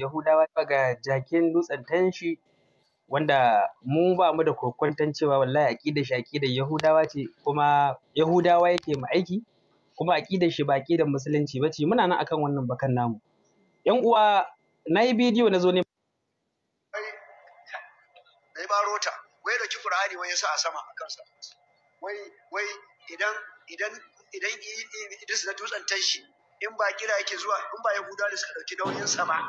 Yahudawa ga jakin dutsen tanshi wanda mu ba mu da kokwanton cewa wallahi aƙidar shi aƙidar Yahudawa ce kuma Yahudawa yake mu aiki kuma aƙidar shi ba aƙidar musulunci ba ce muna nan akan wannan bakan namu. ‘Yan uwa na yi bidiyo na zo ne. Na yi baro ta, wai ɗauki Ƙur'ani wai ya sa a sama a kansa. Wai wai idan idan idan Idris na dutsen tashi? in ba kira yake zuwa in ba Yahudawa da suka ɗauki nauyin sama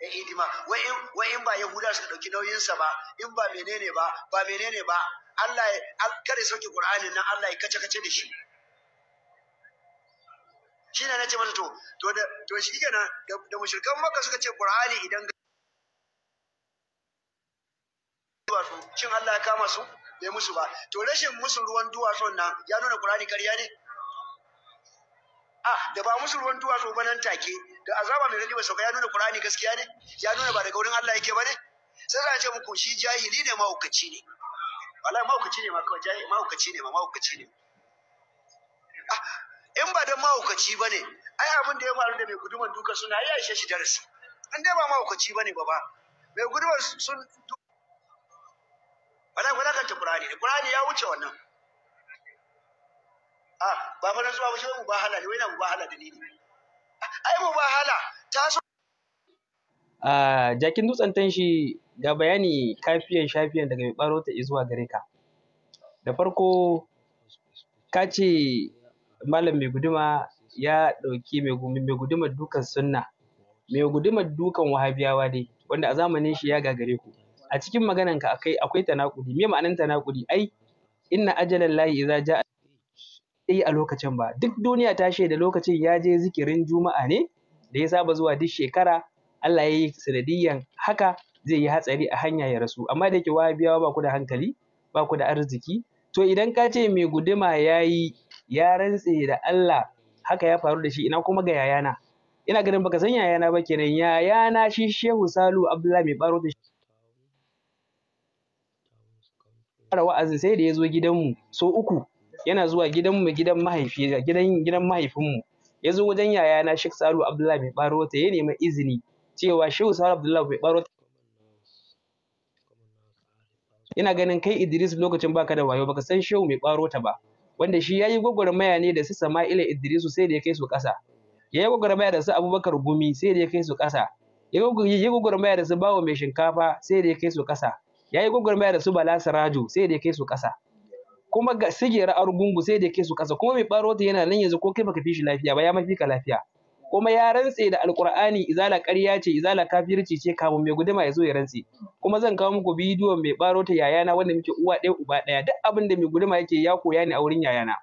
yan hidima wai in ba yahudawa suka ɗauki nauyinsa ba in ba menene ba ba menene ba Allah ya kare sauke Qur'anin nan Allah ya kace kace da shi shi ne nace masa to to da to shi kenan da mushrikan Makka suka ce Qur'ani idan duwatsu shin Allah ya kama su bai musu ba to rashin musu ruwan duwatsun nan ya nuna Qur'ani ƙarya ne ah da ba musu ruwan duwatsu ba nan take da azaba mai rani mai sauka ya nuna Qur'ani gaskiya ne ya nuna ba daga wurin Allah yake ba ne sai za a ce muku shi jahili ne mahaukaci ne wallahi mahaukaci ne ma kawai jahili mahaukaci ne ma mahaukaci ne ah, in ba da mahaukaci ba ne ai abin da ya faru da mai guduman duka suna ya ishe shi darasi in dai ba mahaukaci ba ne ba ba mai guduman sun wallahi kanta Qur'ani ne Qur'ani ya wuce wannan a ah, ba fa na zuwa ba shi mu ba ne, wai na mu da ni ne ai jakin dutsen tanshi ga bayani kafiyan shafiyan daga mai baro ta zuwa gare ka da farko ka ce malam mai guduma ya ɗauki mai gudumar dukan sunna mai gudumar dukan wahabiyawa dai wanda a zamanin shi ya gagare ku a cikin magananka akai akwai tanakudi me ma'anin tanakudi ai inna ajalan lahi idza ja'a yi a lokacin ba duk duniya ta shaida lokacin ya je zikirin juma'a ne da ya saba zuwa duk shekara Allah ya yi sanadiyyan haka zai yi hatsari a hanya ya rasu amma da yake wahabiyawa ba ku da hankali ba ku da arziki to idan ka ce mai guduma ya yi ya rantse da Allah haka ya faru da shi ina kuma ga yayana ina ganin baka san yayana ba kenan yayana shi Shehu Salu Abdullahi mai baro da fara wa'azin sai da ya zo gidanmu so uku yana zuwa gidanmu gidan mahaifi gidan gidan mahaifinmu ya zo wajen yayana Sheikh Salu Abdullahi mai baro ta ya nemi izini cewa Sheikh Salu Abdullahi mai baro ina ganin kai Idris lokacin baka da wayo baka san Sheikh mai baro ta ba wanda shi yayi gwagwarmaya ne da su Sama'ila Idris sai da ya kai su ƙasa yayi gwagwarmaya da su Abubakar Gumi sai da ya kai su kasa yayi gwagwarmaya da su Bawo mai shinkafa sai da ya kai su ƙasa yayi gwagwarmaya da su Bala Sarajo sai da ya kai su kasa. kuma ga sigira argungu sai da ke su kasa kuma mai baro ta yana nan yanzu ko kai baka fi lafiya ba ya mafi ka lafiya kuma ya rantse da alkur'ani izala ƙarya ce izala kafirci ce kamun mai guduma ya zo ya rantse kuma zan kawo muku bidiyo mai baro ta yayana wanda muke uwa ɗaya uba ɗaya duk abin da mai guduma yake ya koya ne a wurin yayana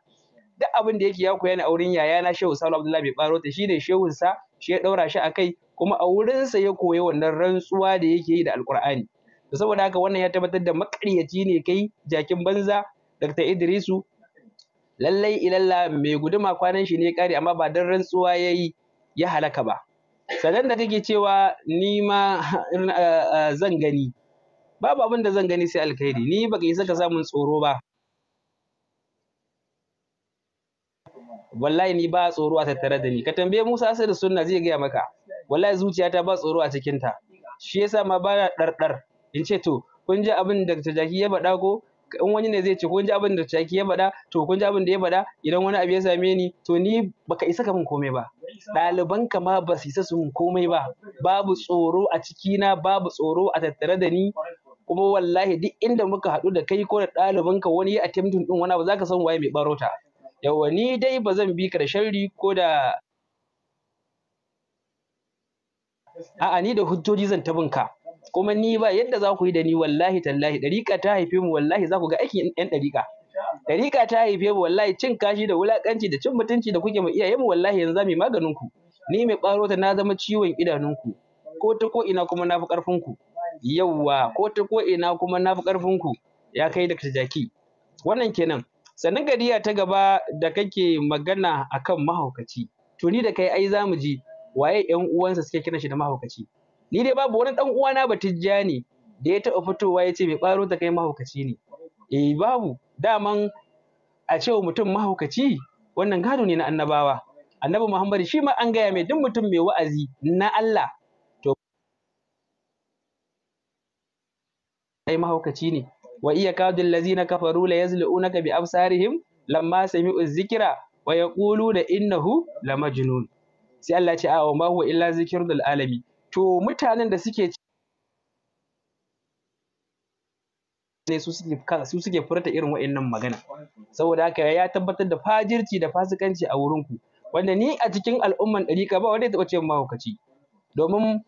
duk abin da yake ya koya ne a wurin yayana shehu salu abdullahi mai baro ta shine shehun sa shi ya ɗaura shi a kai kuma a wurinsa ya koya wannan rantsuwa da yake yi da alkur'ani saboda haka wannan ya tabbatar da makaryaci ne kai jakin banza Dr. Idrisu lallai ilalla mai guduma kwanan shi ne kare amma ba dan rantsuwa yayi ya halaka ba sannan da kake cewa ni ma zan gani babu abin da zan gani sai alkhairi ni baka isa ka samun tsoro ba wallahi ni ba tsoro a tattare da ni ka tambaye Musa da Sunna zai gaya maka wallahi zuciyata ba tsoro a cikin ta shi yasa ma ba ɗarɗar? in ce to kun ji abin da Jaki ya faɗa ko in wani ne zai ce kun ji abin da taki ya faɗa to kun ji abin da ya faɗa idan wani abu ya same ni to ni baka isa ka min komai ba ɗaliban ka ma ba su isa su min komai ba babu tsoro a cikina babu tsoro a tattare da ni kuma wallahi duk inda muka haɗu da kai ko da ɗaliban ka wani ya attempt din wani abu zaka san waye mai barota yawa ni dai ba zan bi ka da sharri ko da a'a ni da hujjoji zan tabinka kuma ni ba yadda za ku yi da ni wallahi tallahi ɗariƙa ta haife mu wallahi za ku ga aikin ɗan ɗariƙa ɗariƙa ta haife mu wallahi cin kashi da wulaƙanci da cin mutunci da kuke mu iyaye mu wallahi yanzu za mu maganin ku ni mai ɓaro ta na zama ciwon idanunku ko ta ko ina kuma na fi ƙarfinku yawwa ko ta ko ina kuma na fi ƙarfinku ya kai da jaki wannan kenan sannan gariya ta gaba da kake magana akan mahaukaci to ni da kai ai za mu ji waye ƴan uwansa suke kina shi da mahaukaci ni dai babu wani dan uwana Tijjani da ya taɓa fitowa ya ce mai baro ta kai mahaukaci ne eh babu daman a ce mutum mahaukaci wannan gado ne na annabawa annabi Muhammadu, shi ma an gaya mai duk mutum mai wa'azi na allah to ai mahaukaci ne wa iya kadul lazina kafaru la yazlu'unaka bi absarihim lamma sami'u zikira wa yaqulu da innahu lamajnun sai Allah ya ce a wa ma huwa illa zikrul alamin to mutanen da suke ne su suke su suke furta irin wa'annan magana saboda haka ya tabbatar da fajirci da fasikanci a wurin ku wanda ni a cikin al'umman ɗariƙa ba wanda ya taɓa ce mahaukaci domin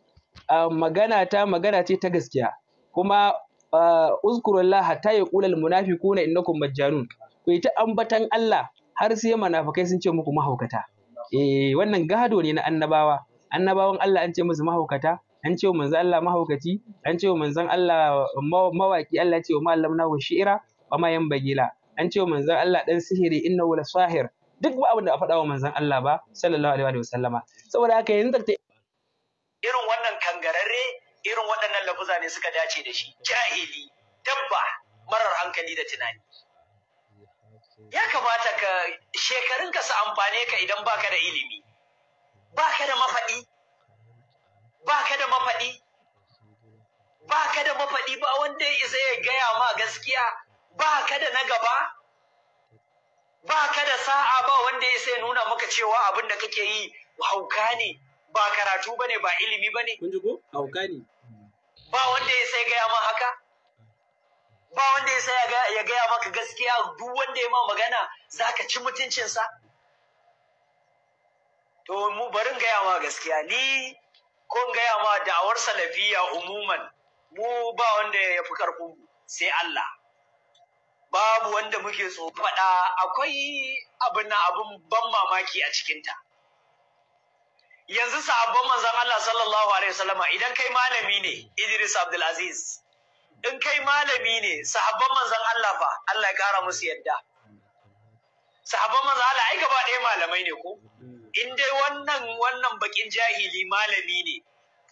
ah, magana ta magana ce ta gaskiya kuma ah, uzkurullah hatta ya munafiku munafiquna innakum majjanun ku yi ambatan Allah har sai manafikai sun ce muku mahaukata eh wannan gado ne na annabawa annabawan Allah an ce musu mahaukata an ce wa manzon Allah mahaukaci an ce wa manzon Allah mawaki Allah ce wa mallamna wa shi'ira wa ma yambagila an ce wa manzon Allah dan sihiri innahu la sahir duk ba abin da a faɗa wa manzon Allah ba sallallahu alaihi wa sallama saboda haka yanzu ta irin wannan kangararre irin waɗannan lafuza ne suka dace da shi jahili dabba marar hankali da tunani ya kamata ka shekarun ka su amfane ka idan baka da ilimi ba ka da mafaɗi ba ka da mafaɗi ba ka da mafaɗi ba wanda ya isa ya gaya ma gaskiya ba ka da na gaba ba ka da sa'a ba wanda ya isa ya nuna maka cewa abin da kake yi hauka ne ba karatu ba ne ba ilimi ba ne hauka ne ba wanda ya isa ya gaya ma haka ba wanda ya isa ya gaya maka gaskiya duk wanda ya ma magana za ka ci mutuncinsa to mu barin gaya ma gaskiya ni ko gaya ma da'awar salafiya umuman mu ba wanda ya fi karfin mu sai Allah babu wanda muke so faɗa akwai abin abin ban mamaki a cikinta yanzu sahabban manzon Allah sallallahu alaihi wasallama idan kai malami ne Idris Abdul in kai malami ne sahabban manzon Allah fa Allah ya kara musu yadda sahabban manzon Allah ai gaba ɗaya malamai ne ko in dai wannan wannan bakin jahili malami ne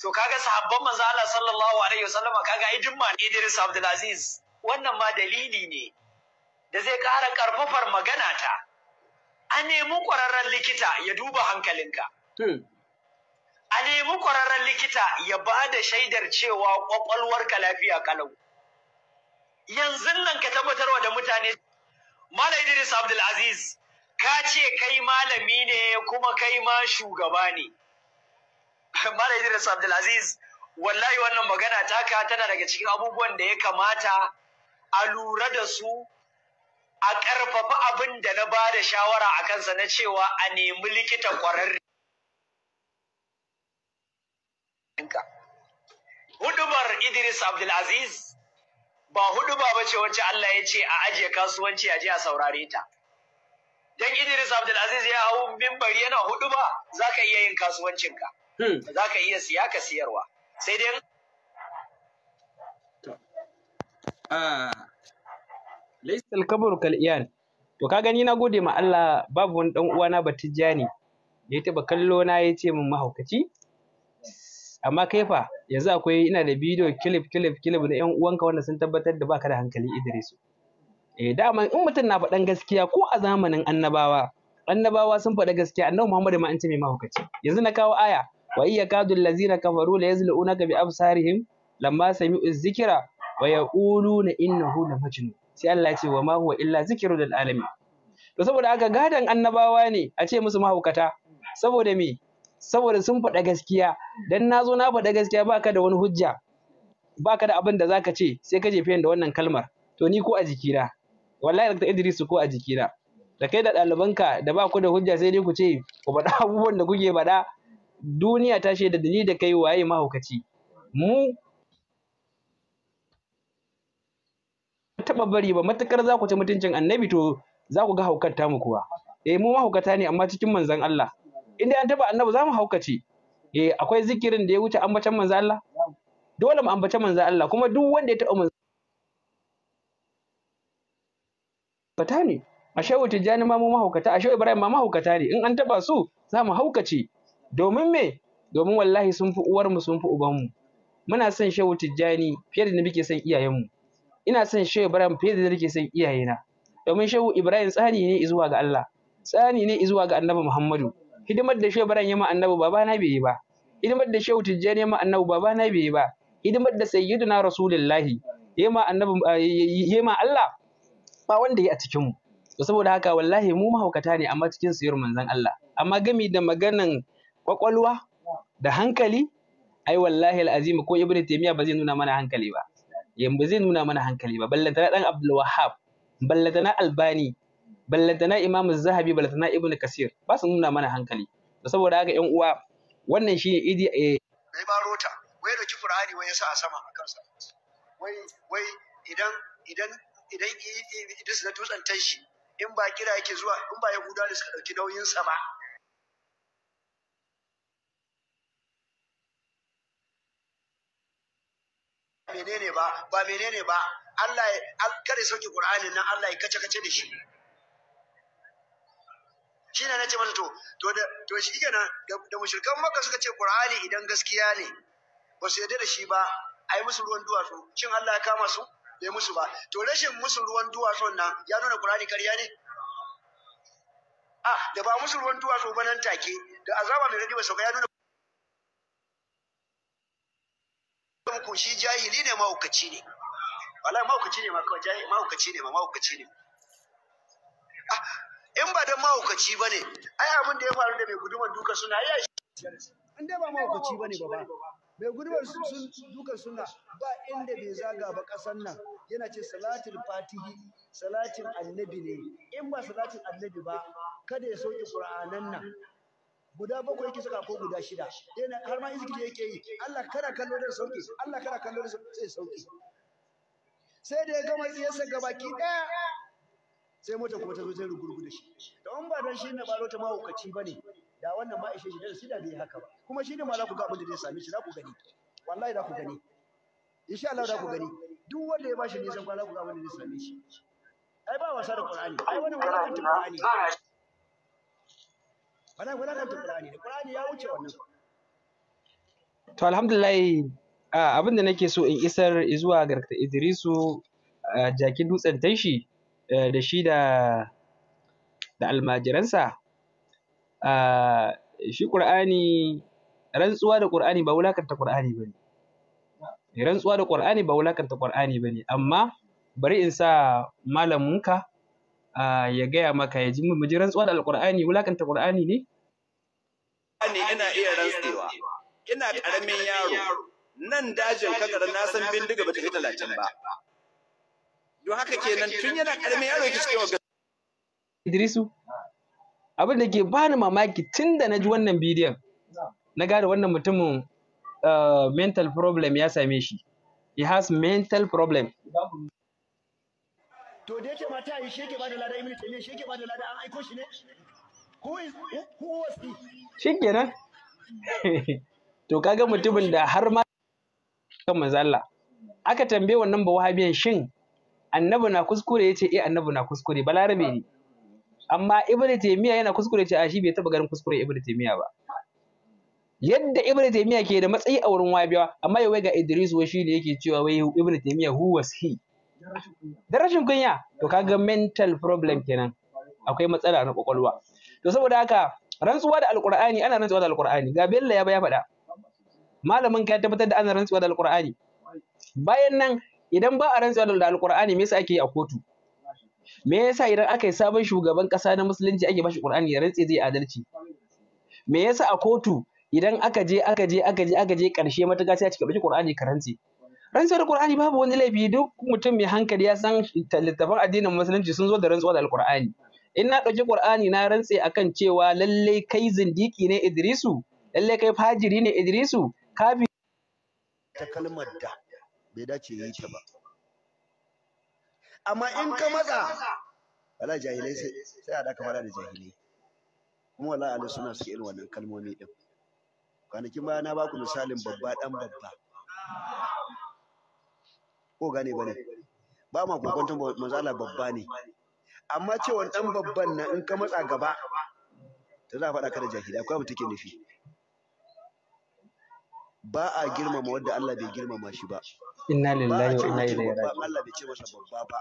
to kaga sahabban manzo Allah sallallahu alaihi wasallama kaga ai jumma Idris Abdulaziz wannan ma dalili ne da zai ƙara ƙarfafar magana ta a nemi ƙwararren likita ya duba hankalinka hmm. a nemi ƙwararren likita ya ba da shaidar cewa ƙwaƙwalwarka lafiya kalau yanzu nan ka tabbatarwa da mutane Malam Idris Abdulaziz ka ce kai malami ne kuma kai ma shugaba ne Malam Idris Abdulaziz wallahi wannan magana taka tana daga cikin abubuwan da ya kamata a lura da su a ƙarfafa abin da na ba da shawara a kansa na cewa a nemi likita ƙwararre. Hudubar Idris Abdulaziz ba huduba ba ce wacce Allah ya ce a ajiye kasuwanci a je a saurare ta. dan Idris Abdulaziz ya hau mimbari yana hudu ba za ka iya yin kasuwancinka hmm. za ka iya siya ka siyarwa sai dai ah. laisal kabur kal to ka gani na gode ma Allah babu wani dan uwana Batijjani ne, ya taba kallo na ya ce min mahaukaci amma kai fa yanzu akwai ina da bidiyo kilif kilif kilif na yan uwanka wanda sun tabbatar da baka da hankali Idris eh dama in mutum na faɗan gaskiya ko a zamanin annabawa annabawa sun faɗa gaskiya annabi Muhammad ma an ce mai mahaukaci yanzu na kawo aya wa iya kadul lazina kafaru la ka bi absarihim lamma sami'u zikira wa yaquluna innahu la majnun sai Allah ya ce wa ma huwa illa zikru lil alamin to saboda haka gadan annabawa ne a ce musu mahaukata saboda me saboda sun faɗa gaskiya dan nazo na faɗa gaskiya baka da wani hujja baka da abin da zaka ce sai ka jefe da wannan kalmar to ni ko a na. wallahi Dr. Idris ko a jikina da kai da ɗalibanka da ba ku da hujja sai dai ku ce ku faɗa abubuwan da kuke faɗa duniya ta shaida da ni da kai waye mahaukaci mu taɓa bari ba matukar za ku ci mutuncin annabi to za ku ga haukar mu kuwa eh mu mahaukata ne amma cikin manzon Allah in dai an taɓa annabi za mu haukace eh akwai zikirin da ya wuce ambacin manzon Allah dole mu ambaci manzon Allah kuma duk wanda ya taɓa fata ne a shehu tijjani ma mu mahaukata a shehu ibrahim ma mahaukata ne in an taba su za mu haukace domin me domin wallahi sun fi uwarmu sun fi ubanmu muna son shehu tijjani fiye da nake son iyayenmu ina son shehu ibrahim fiye da nake son iyayena domin shehu ibrahim tsani ne izuwa ga Allah tsani ne izuwa ga annabi muhammadu hidimar da shehu ibrahim ya ma annabi babana bai yi ba hidimar da shehu tijjani ya ma annabi babana bai yi ba hidimar da sayyiduna rasulullahi ya ma annabi eh, ya ma Allah ba wanda ya a cikin mu to saboda haka wallahi mu mahaukata ne amma cikin siyar manzon Allah amma gami da maganan kwakwalwa da hankali ai wallahi alazim ko ibnu taymiya ba zai nuna mana hankali ba yanzu zai nuna mana hankali ba na dan abdul wahhab na albani ballanta na imamu zahabi ballanta na ibn kasir ba su nuna mana hankali to saboda haka yan uwa wannan shine idi eh mai baro wai da ki qur'ani wai yasa a sama akan sa wai wai idan idan idan Idris na dutsen shi in ba kira yake zuwa in ba Yahudawa da suka ɗauki nauyinsa ba. menene ba ba menene ba Allah ya kare sauki Qur'ani nan Allah ya kace kace da shi shine nace masa to to da to shi kenan da mushrikan Makka suka ce Qur'ani idan gaskiya ne ba su yarda da shi ba ai musu ruwan duwatsu shin Allah ya kama su bai musu ba to rashin musu ruwan duwatsun nan ya nuna Qur'ani kariya ne ah da ba musu ruwan duwatsu ba nan take da azaba mai radiwa sauka ya nuna ku shi jahili ne mahaukaci ne wallahi mahaukaci ne ma kawai jahili mahaukaci ne ma mahaukaci ne ah in ba ma mahaukaci bane ai abin da ya faru da mai guduman duka suna shi in dai ba mahaukaci bane ba ba mai guduman sun duka suna ba inda bai zaga ba kasan nan yana ce salatin fatihi salatin annabi ne in ba salatin annabi ba kada ya sauke qur'anan nan guda bakwai yake saka ko guda shida yana har ma izikiri yake yi Allah kada kallo da sauki Allah kada kallo da sai sauki sai da ya gama tsiyarsa gabaki daya sai mota kuma ta zo zai rugurgu da shi to an ba dan shi ne baro ta mahaukaci bane da wannan ma ishe shi da sida bai haka ba kuma shi ne ma za ku ga abin da zai sami shi za ku gani wallahi za ku gani insha Allah za ku gani duk wanda ya bashi nisan kwana ku ga wanda zai same shi ai ba wasa da qur'ani ai wannan wulakanta qur'ani bana wulakanta qur'ani da qur'ani ya wuce wannan to alhamdulillah abin da nake so in isar zuwa ga Idrisu jaki dutsen tashi da shi da da almajiransa shi ƙur'ani rantsuwa da ƙur'ani ba wulakanta ƙur'ani ba ne rantsuwa da Qur'ani ba wulakanta Qur'ani bane amma bari in sa malamunka ya gaya maka ya ji mu ji rantsuwa da Alqur'ani wulakanta Qur'ani ne ne ina iya rantsuwa ina karamin yaro nan dajin kagara na san bindiga bata kai talatin ba don haka kenan tun yana karamin yaro yake cikin wa Idrisu abin da ke bani mamaki tun da na ji wannan bidiyon na gane wannan mutumin Uh, mental problem ya same shi he has mental problem to da yake mata yi sheke ba da lada ibnu ne sheke ba da lada an aiko shi ne who is who was he shikenan to kaga mutumin da har ma kan mazalla. aka tambaye wannan ba wahabiyan shin annabi na kuskure yace eh annabi na kuskure balarabe ne amma ibnu taymiya yana kuskure ce a ah, shi bai taba garin kuskure ibnu taymiya ba yadda ibnu taymiya ke da matsayi a wurin wabiya amma yau ga idris wai shi ne yake cewa wai ibnu taymiya who was he da rashin kunya to kaga mental problem kenan akwai matsala na kwakwalwa to saboda haka rantsuwa da alqur'ani ana rantsuwa da alqur'ani ga bello ya baya faɗa malamin ka tabbatar da ana rantsuwa da alqur'ani bayan nan idan ba a rantsuwa da alqur'ani me yasa ake yi a kotu me yasa idan aka yi sabon shugaban kasa na musulunci ake bashi qur'ani ya rantse zai adalci me yasa a kotu idan aka je aka je aka je aka je ƙarshe matuƙa sai a cika ɗauki ƙur'ani, ka rantse rantsuwar ƙur'ani babu wani laifi duk mutum mai hankali ya san littattafan addinin musulunci sun zo da rantsuwa da Alƙur'ani in na ɗauki ƙur'ani na rantse akan cewa lallai kai zindiki ne Idrisu lallai kai fajiri ne Idrisu kafi ta kalmar da bai dace yi ta ba amma in ka matsa wala jahilai sai a daka fara da jahilai kuma wala alusuna suke irin wannan kalmomi ɗin. kwanakin baya na baku misalin babba dan babba ko gane bane ba ma kokonton mazala babba ne amma cewa dan babban nan in ka matsa gaba ta za a faɗa ka da jahili akwai mutum ke nufi ba a girmama wanda Allah bai girmama shi ba inna lillahi wa inna ilaihi raji'un Allah bai ce masa babba ba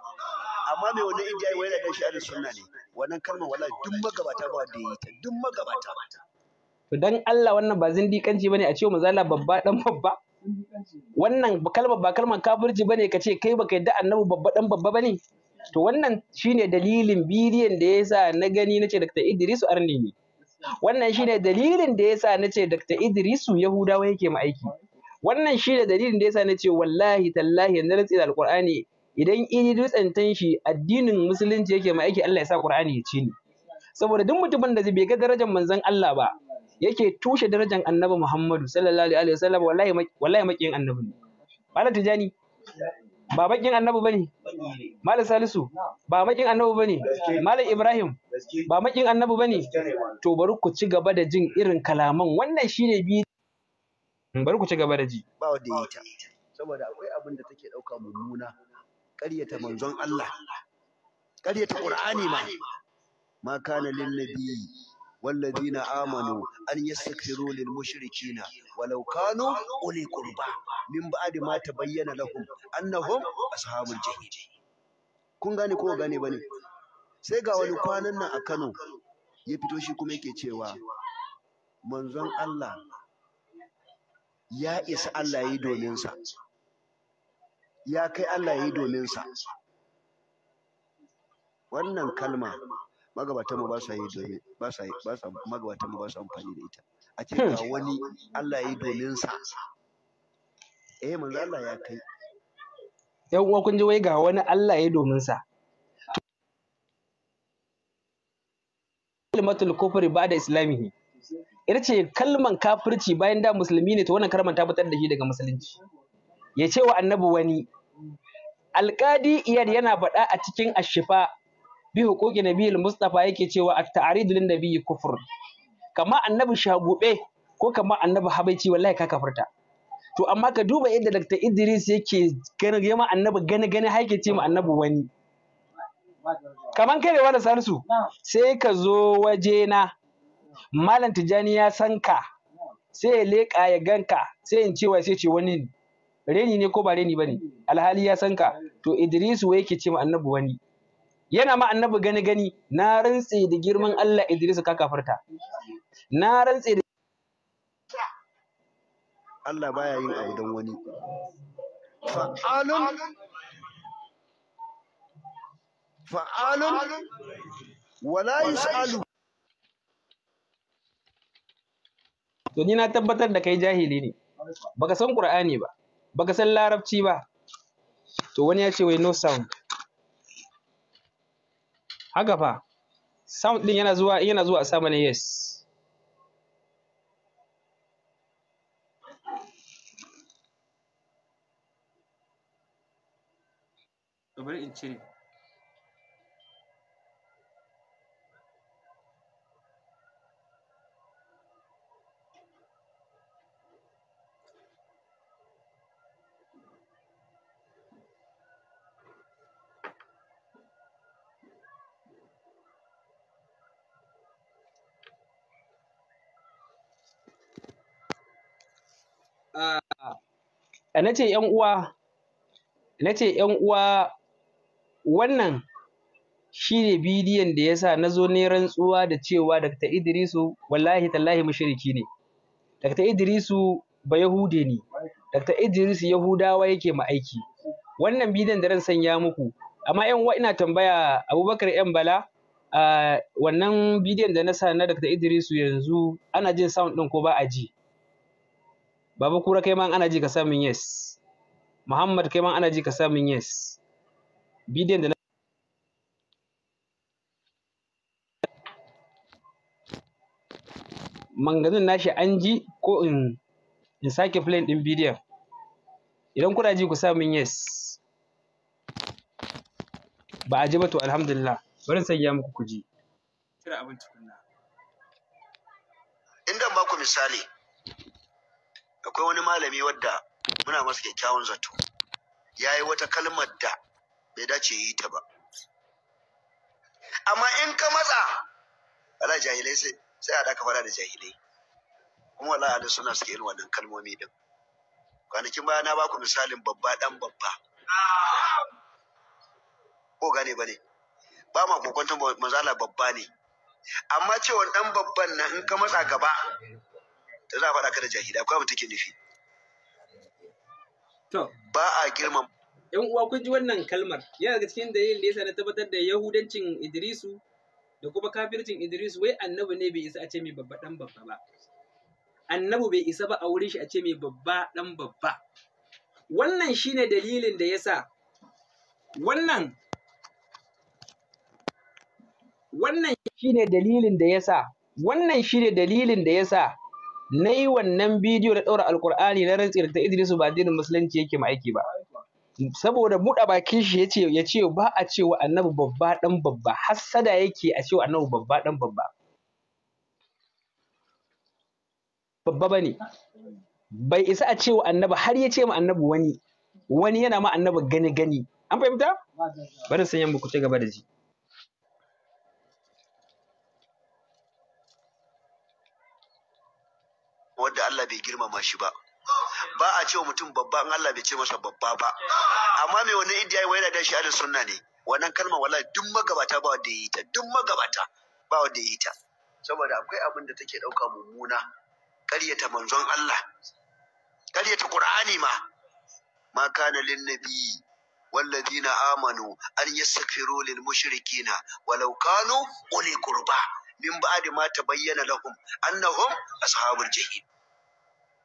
amma mai wannan indiya wani da shi ahlus sunna ne wannan kalmar wallahi duk magabata ba da yi ta duk magabata to dan Allah wannan ba zindiƙanci bane a ce mu Allah babba dan babba wannan kalmar ba kalmar kafirci bane ka ce kai baka yadda annabi babba dan babba bane to wannan shine dalilin bidiyon da yasa na gani nace Dr. Idrisu Arni ne wannan shine dalilin da yasa nace Dr. Idrisu Yahudawa yake mu aiki wannan shine dalilin da yasa nace wallahi tallahi na rantsi da alqur'ani idan Idris tsantan shi addinin musulunci yake mu aiki Allah ya sa Qur'ani ya ci ni saboda duk mutumin da bai ga darajar manzon Allah ba yake tushe darajar annabi Muhammadu sallallahu alaihi wasallam wallahi wallahi makiyin annabi ne malam tijani ba makiyin annabi bane malam salisu ba makiyin annabi bane malam ibrahim ba makiyin annabi bane to bari ku ci gaba da jin irin kalaman wannan shine bi bari ku ci gaba da ji ba wanda ya ta saboda akwai abin da take dauka mummuna ƙaryata manzon Allah ƙaryata Qur'ani ma ma kana lin nabi والذين آمنوا أن يستغفروا للمشركين ولو كانوا أولي قربى من بعد ما تبين لهم أنهم أصحاب الجحيم kun gane كو gane بني sai ga wani kwanan nan a Kano ya fito shi kuma yake cewa manzon Allah ya isa Allah yi domin sa ya kai Allah yi domin sa wannan kalma magabatan mu ba sa yi domin ba sa ba sa magabatan mu ba sa amfani da ita a ce ga wani Allah ya yi domin sa eh manzo Allah ya kai yan uwa kun ji wai ga wani Allah ya yi domin sa kalimatul kufri da islamihi ita ce kalman kafirci bayan da musulmi ne to wannan karman tabbatar da shi daga musulunci ya ce wa annabi wani alƙadi iyad yana faɗa a cikin ashifa bi huquqi nabiyil mustafa yake cewa at ta'aridu lin nabiyyi kufur kama annabi shagube ko kama annabi habaici wallahi ka kafirta to amma ka duba yadda Dr. Idris yake gani yama annabi gani gani haike ce ma annabi wani Kamar kai wanda salisu sai ka zo waje na malam tijani ya san ka sai ya leƙa ya ganka sai in cewa sai ce wani reni ne ko ba reni bane alhali ya san ka to Idrisu wai yake ce ma annabi wani yana ma annabi gani gani na rantse da girman Allah Idris ka kafarta na rantse da Allah baya yin abu wani fa'alun fa'alun wala yus'alu to ni na tabbatar da kai jahili ne baka san Qur'ani ba baka san larabci ba to wani ya ce wai no sound haka fa sound din yana zuwa yana zuwa a sama ne yes bari in cire na ce ‘yan uwa na ce uwa wannan shi ne bidiyon da ya sa na zo ne rantsuwa da cewa Dr. Idrisu wallahi tallahi mushriki ne Dr. Idrisu ba Yahude ne Dr. Idrisu Yahudawa yake ma aiki wannan bidiyon da ran sanya muku amma ‘yan uwa ina tambaya Abubakar ‘yan Bala wannan bidiyon da na sa na Dr. Idrisu yanzu ana jin sound ɗin ko ba a ji Baba kura kai ma ana ji ka min yes. Muhammad kai ma ana ji ka min yes. Bidiyon da na manganin nashi an ji ko in in sake playing din bidiyon. Idan kuna ji ku min yes. Ba a ji ba to alhamdulillah. Bari in sanya muku ku ji. Kira abin tukunna. Inda ba ku misali. akwai wani malami wadda muna masa kyakkyawan zato ya yi wata kalmar da bai dace yi ta ba amma in ka matsa ala jahilai sai a da fara da jahilai kuma wala da suna suke yin wannan kalmomi din kwanakin baya na ba ku misalin babba dan babba ko gane ba ne ba ma kokonta manzala babba ne amma cewa dan babban nan in ka matsa gaba da za a faɗa kada da jahili akwai abin take nufi to ba a girmama yan uwa kun ji wannan kalmar yana daga cikin dalilin da yasa na tabbatar da yahudancin Idrisu da kuma kafircin Idrisu. wai annabi ne bai isa a ce mai babba dan babba ba annabi bai isa ba a wurin shi a ce mai babba dan babba wannan shine dalilin da yasa wannan wannan shine dalilin da yasa wannan shine dalilin da yasa na yi wannan bidiyo da ɗaura alkur'ani na rantsi da ta idrisu ba addinin musulunci yake ma aiki ba saboda buɗe bakin shi ya ce ya ce ba a cewa annabi babba ɗan babba hassada yake a cewa annabi babba ɗan babba babba bane bai isa a cewa annabi har ya ce ma annabi wani wani yana ma annabi gani gani an fahimta bari mu ku ci gaba da ji wanda Allah bai girmama shi ba ba a cewa mutum babba in Allah bai ce masa babba ba amma mai wannan idiya na da shi ahlus sunna ne wannan kalmar wala duk magabata ba wanda ya yi ta duk magabata ba wanda ya yi ta saboda akwai abin da take ɗauka mummuna ƙaryata manzon Allah ƙaryata ƙur'ani ma ma kana lin nabi والذين آمنوا أن يستغفروا للمشركين ولو كانوا أولي قربى min ba'di ma tabayyana lahum annahum ashabul jahim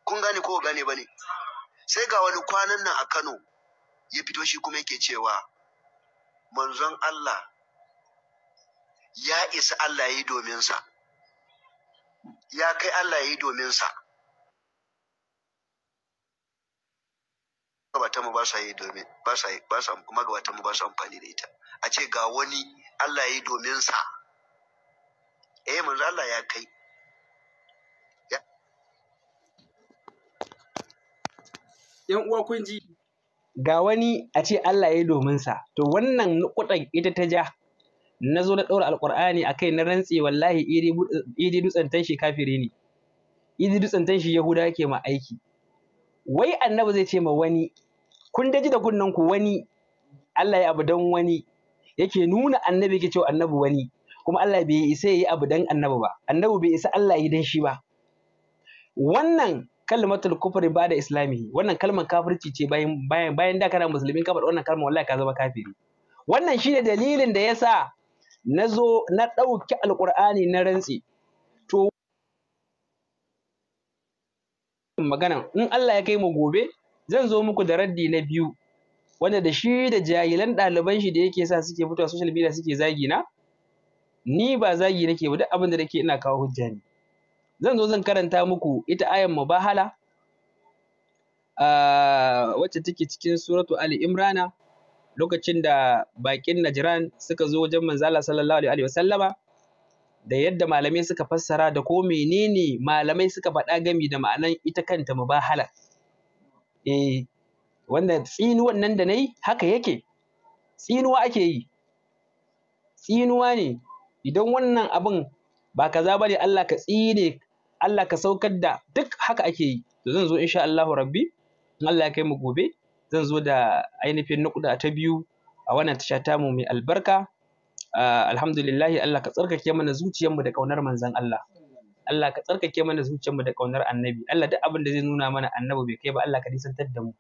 kun gane ko gane bane sai ga wani kwanan nan a Kano ya fito shi kuma yake cewa manzon Allah ya isa Allah ya yi domin sa ya kai Allah ya yi domin sa magabatan mu ba sa yi domin ba sa ba sa magabatan mu ba sa amfani da ita a ce ga wani Allah ya yi domin sa eh manzo Allah ya kai yan uwa kun ji ga wani a ce Allah ya yi domin sa to wannan nukudan ita ta ja na zo na ɗaura alƙur'ani a kai na rantse wallahi idi dutsen shi kafiri ne idi dutsen shi yahuda ke ma aiki wai annabi zai ce ma wani kun da da kunnen ku wani Allah ya abu don wani yake nuna annabi ke cewa annabi wani kuma Allah bai isa yi abu dan annabi ba annabi bai isa Allah yi dan shi ba wannan kalmatul kufri ba da islami wannan kalmar kafirci ce bayan bayan bayan da kana musulmi ka wannan kalmar wallahi ka zama kafiri wannan shine dalilin da yasa na zo na ɗauki alƙur'ani na rantsi to magana in Allah ya kai mu gobe zan zo muku da raddi na biyu wanda da shi da jahilan ɗaliban shi da yake sa suke fitowa social media suke zagina. na ni ba zagi nake ba duk abin da nake ina kawo hujja ne zan zo zan karanta muku ita ayan mubahala a wacce take cikin suratu ali imrana lokacin da bakin najran suka zo wajen manzala sallallahu alaihi wasallama da yadda malamai suka fassara da ko menene malamai suka faɗa gami da ma'anan ita kanta mubahala eh wanda tsinuwan nan da nayi haka yake tsinuwa ake yi tsinuwa ne idan wannan abin ba kaza bane Allah ka tsine Allah ka saukar da duk haka ake yi to zan zo insha Allahu rabbi in Allah ya kai mu gobe zan zo da ainihin nukuda ta biyu a wannan tasha mu mai albarka ah, alhamdulillah Allah ka tsarkake mana zuciyarmu da kaunar manzon Allah Allah ka tsarkake mana zuciyar zuciyarmu da kaunar annabi Allah duk abin da zai nuna mana annabi bai kai ba Allah ka disantar da mu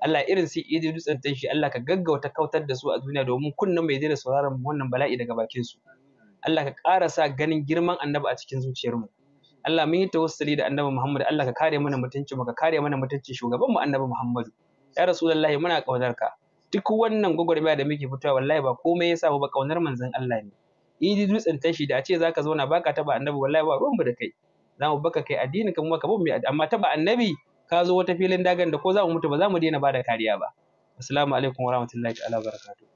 Allah irin sai iya dutsen shi Allah ka gaggauta kautar da su a duniya domin kunnan mai da sauraron wannan bala'i daga bakin su Allah ka ƙara sa ganin girman annabi a cikin zuciyarmu Allah mun yi tawassuli da annabi Muhammad Allah ka kare mana mu ka kare mana mutuncin shugaban mu annabi Muhammadu ya rasulullahi muna kaunar ka duk wannan gwagwarmaya da muke fitowa wallahi ba komai yasa ba kaunar manzon Allah ne idi dutsen tashi da a ce zaka zauna baka taba annabi wallahi ba mu da kai za mu baka kai addini ka kuma ka amma taba annabi ka zo wata filin dagan da ko za mu mutu ba za mu daina bada kariya ba assalamu alaikum warahmatullahi wa barakatuh